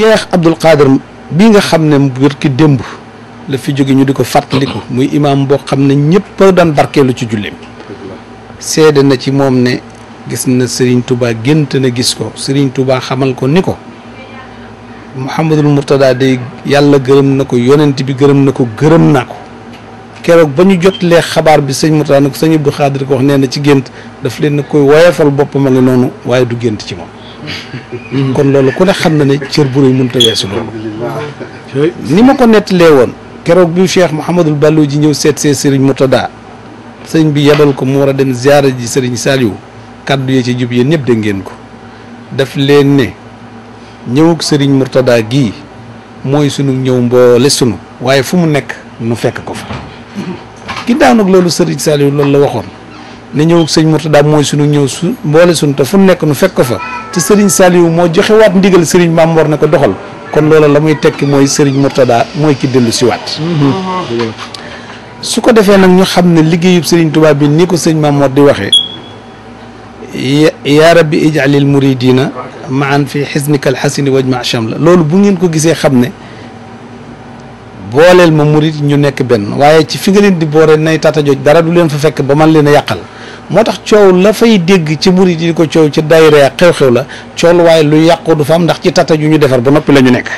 Cheikh Abdoul Qadir bi nga xam ne wër ki démb la fi jóge ñu di ko fàttaliku muy imaam boo xam ne ñëpp a daan barkeelu ci julleem seede na ci moom ne gis na sëriñ Touba gént na gis ko sëriñ Touba xamal ko ni ko Mouhamadul Mourtada day yàlla gërëm na ko yonent bi gërëm na ko gërëm naa ko keroog ba ñu jot lee xabaar bi sëñ Mourtada nag sëñ Abdou Khadir ko wax nee na ci gént daf leen na koy woyefal boppam a ngi noonu waaye du gént ci moom kon loolu ku ne xam na ne cër bu rëy mënut a weesu ni ma ko nettalee woon. keroog bi Cheikh Mouhamadul Ballou ji ñëw seet see Serigne Moutada sëñ bi yebal ko mu war a dem ziara ji sëriñ Saliou kàddu yee ci jub yéen ñëpp dégg ngeen ko daf leen ne ñëwug sëriñ Moutada gi mooy sunu ñëw mboole sunu waaye fu mu nekk nu fekk ko fa. ki loolu Serigne Saliou loolu la waxoon ne ñëwug sëñ Moutada mooy sunu ñëw su mboole sunu te fu mu nekk nu fekk ko fa. te sëriñ Saliou moo joxe waat ndigal Serigne Mame ne ko doxal kon loola la muy tekki mooy Serigne Mourtada mooy ki dellu si waat su ko defee nag ñu xam ne liggéeyub sëriñ tubaab bi ni ko sëñ Mame Mor di waxee yaa rabbi ijalil muridina maan fi xisnikal xasini wajma la loolu bu ngeen ko gisee xam ne booleel ma murid ñu nekk benn waaye ci fi nga leen di boore nay tata jooj dara du leen fa fekk ba man leen a yàqal moo tax coow la fay dégg ci murit yi ko coow ci daayira xew-xew la coow waaye lu yàqoo du fa am ndax ci tata ju ñu defar ba noppi la ñu nekk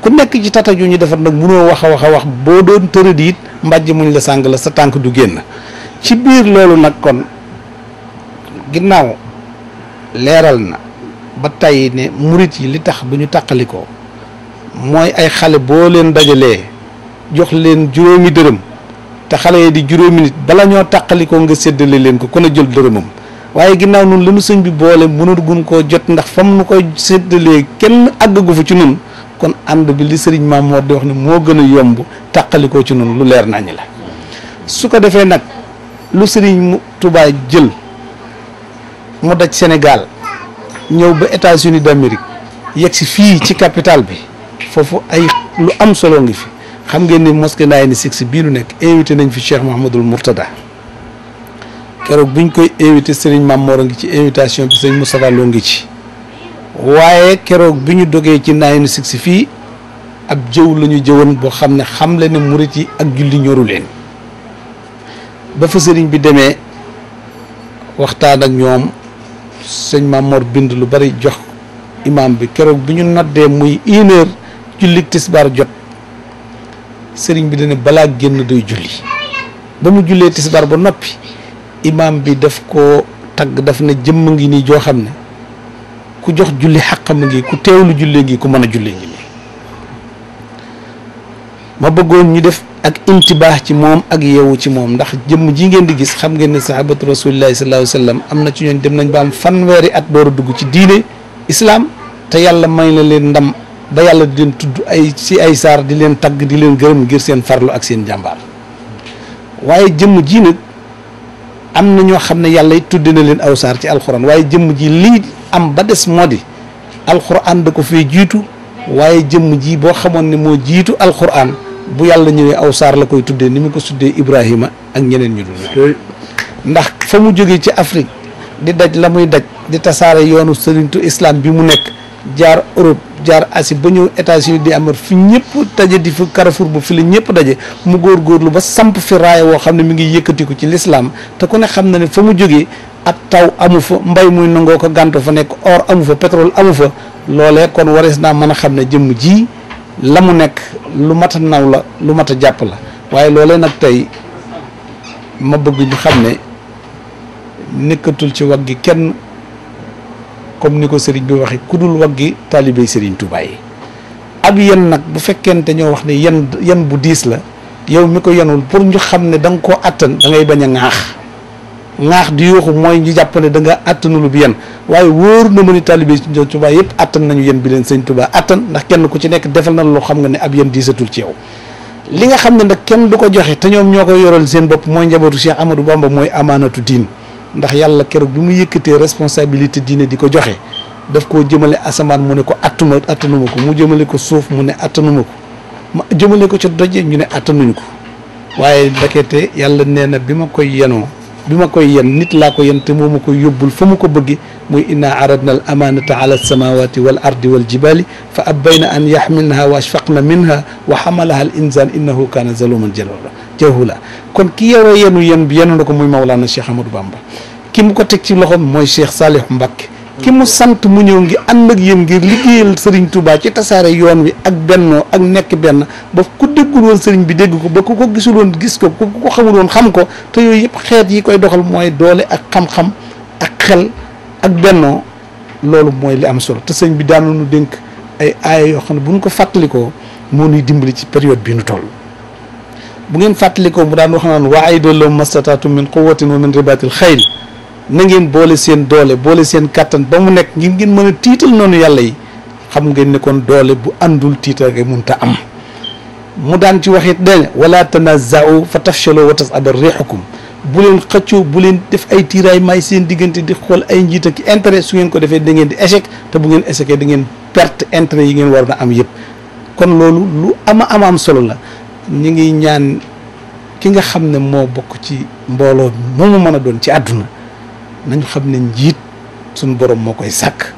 ku nekk ci tata ju ñu defar nag munoo wax a wax a wax boo doon tëradi it mbàjj muñ la sàng la sa tànk du génn ci biir loolu nag kon ginnaaw leeral na ba tey ne murit yi li tax bu ñu tàqalikoo mooy ay xale boo leen dajalee jox leen juróomi dërëm te xale yi di juróomi nit bala ñoo tàqalikoo nga séddale leen ko kon a jël dërëmam waaye ginnaaw nun la nu sëñ bi boole mënaguñ koo jot ndax fam nu koy séddalee kenn àggagu fa ci nun kon ànd bi li sëriñ maam moo di wax ne moo gën a yomb tàqalikoo ci nun lu leer nañu la su ko defee nag lu sëriñ Touba jël mu daj Sénégal ñëw ba États-Unis d'Amérique yegg si fii ci capitale bi foofu ay lu am solo ngi fi xam ngeen ni mosquée Ndayane Six bii nu nekk invité nañ fi Cheikh Mouhamadul Mourtada keroog buñ koy invité Serigne Mamor a ngi ci invitation bi Serigne Moustapha ngi ci waaye keroog bi ñu dogee ci Ndayane Six fii ab jëw la ñu jëwoon boo xam ne xam le ne murit yi ak julli ñoru leen ba fa Serigne bi demee waxtaan ak ñoom sëñ Mamor bind lu bari jox imam bi keroog bi ñu noddee muy une heure julli tisbaar jot. sëriñ bi dana balaa génn doy julli ba mu jullee tisbaar ba noppi imaam bi daf ko tagg daf na jëmm ngi nii joo xam ne ku jox julli xàqam ngi ku teewlu jullee ngi ku mën a jullee ngi nii ma bëggoon ñu def ak intibaax ci moom ak yeewu ci moom ndax jëmm ji ngeen di gis xam ngeen ne sahabatu rasulillahi sallallahu alayhi wasallam am na ci ñooñ dem nañ ba am fanweeri at door dugg ci diine islaam te yàlla may na leen ndam ba yàlla di leen tudd ay si ay saar di leen tagg di leen gërëm ngir seen farlu ak seen jàmbaar waaye jëmm jii nag am na ñoo xam ne yàlla tudd na leen aw saar ci alxuraan waaye jëmm ji lii am ba des moo di alxuraan ko fee jiitu waaye jëmm ji boo xamoon ne moo jiitu alxuraan bu yàlla ñëwee aw saar la koy tuddee ni mu ko suddee Ibrahima ak ñeneen ñu dul ndax fa mu jógee ci Afrique di daj la muy daj di tasaare yoonu sëriñtu islam bi mu nekk jaar Europe jaar asi ba ñëw États-Unis di amat fi ñëpp daje di fi Carrefour bu fi la ñëpp daje mu góor góorgóorlu ba samp fi raaya woo xam ne mu ngi yëkkatiku ci lislaam te ku ne xam na ne fa mu jógee ak taw amu fa mbay muy nangoo ko gàntu fa nekk or amu fa pétrole amu fa loolee kon warees naa mën a xam ne jëmm ji la mu nekk lu mat a naw la lu mat a jàpp la waaye loolee nag tey ma bëgg ñu xam ne nekkatul ci wagg gi kenn comme ni ko sëriñ bi waxee ku dul waggi taalibey sëriñ Tuubaa yi ab yan nag bu fekkente ñoo wax ne yan yan bu diis la yow mi ko yanul pour ñu xam ne da nga koo attan da ngay bañ a ŋaax ŋaax di yooxu mooy ñu jàpp ne da nga attanulu bi yan waaye wóor na ma ni taalibey sëriñ Tuubaa yëpp attan nañu yan bi leen sëriñ Tuubaa attan ndax kenn ku ci nekk defal na loo xam nga ne ab yan diisatul ci yow li nga xam ne nag kenn du ko joxe te ñoom ñoo ko yoral seen bopp mooy njabootu Cheikh Amadou Bamba mooy amaanatu diin ndax yàlla keroog bi mu yëkkatee responsabilité diine di ko joxe def koo jëmale asamaan mu ne ko attuma attanuma ko mu jëmale ko suuf mu ne attanuma ko ma jëmale ko ca doje ñu ne attanuñ ko waaye ndekete yàlla nee na bi ma koy yenoo bi ma koy yen nit laa ko yen te moo ma koy yóbbul fa mu ko bëgge muy inna aradna al amanata ala alsamawati wal ardi wal jibali fa abbayna an yaxmilnaha wa ashfaqna minha wa xamalaha al insan innahu kaana zaluman jalula jahula kon ki yore yenu yen bi yenu na ko muy Maulana Cheikh Amadou Bamba ki mu ko teg ci loxoom mooy Cheikh Salih Mbacke ki mu sant mu ñëw ngi ànd ak yéen ngir liggéeyal sëriñ Touba ci tasaare yoon wi ak bennoo ak nekk benn ba ku déggul woon sëriñ bi dégg ko ba ku ko gisul gis ko ku ko xamul woon xam ko te yooyu yëpp xeet yi koy doxal mooy doole ak xam-xam ak xel ak bennoo loolu mooy li am solo te sëñ bi daanoonu dénk ay aaya yoo xam ne bu ko fàttalikoo moo ñuy dimbali ci période bi nu toll. bu ngeen fàttalikoo mu daan wax naan wa aydollahum mastatatum min quwatin wa min ribatil xayl na ngeen boole seen doole boole seen kàttan ba mu nekk ngir ngeen mën a tiital noonu yàlla yi xam ngeen ne kon doole bu àndul tiital nga munta am mu daan ci waxit dane wala tanazau fa tafshaloo wa tasada riixukum bu leen xëccoo bu leen def ay tiiraay may seen diggante di xool ay njiit ak su ngeen ko defee da ngeen di échec te bu ngeen échecee da ngeen perte intérêt yi ngeen war na am yëpp kon loolu lu ama ama am solo la ñu ngi ñaan ki nga xam ne moo bokk ci mbooloo mi mën a doon ci àdduna nañu xam ne njiit suñu borom moo koy sàkk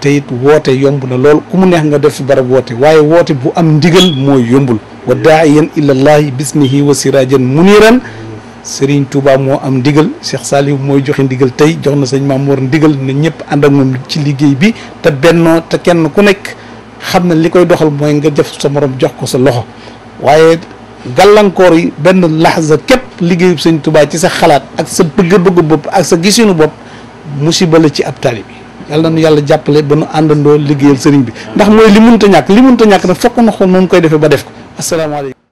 te it woote yomb na lool ku mu neex nga def fi barab woote waaye woote bu am ndigal mooy yombul wa daaiyan ilallahi bismihi wa sirajan muniran Serigne Touba moo am ndigal Cheikh Saliou mooy joxe ndigal tey jox na sañ sëñ Mamour ndigal ne ñëpp àndak ak ci liggéey bi te bennoo te kenn ku nekk xam ne li koy doxal mooy nga def sa morom jox ko sa loxo waaye gàllankoor yi benn laxza képp liggéeyub sëñ Tuubaa ci sa xalaat ak sa bëgg-bëggu bopp ak sa gisinu bopp si la ci ab taalibe bi yàlla nañu yàlla jàppale ba nu àndandoo liggéeyal sëriñ bi ndax mooy li munta ñàkk li munta ñàkk nag fokk na xool noonu koy defee ba def ko asalaamaaleykum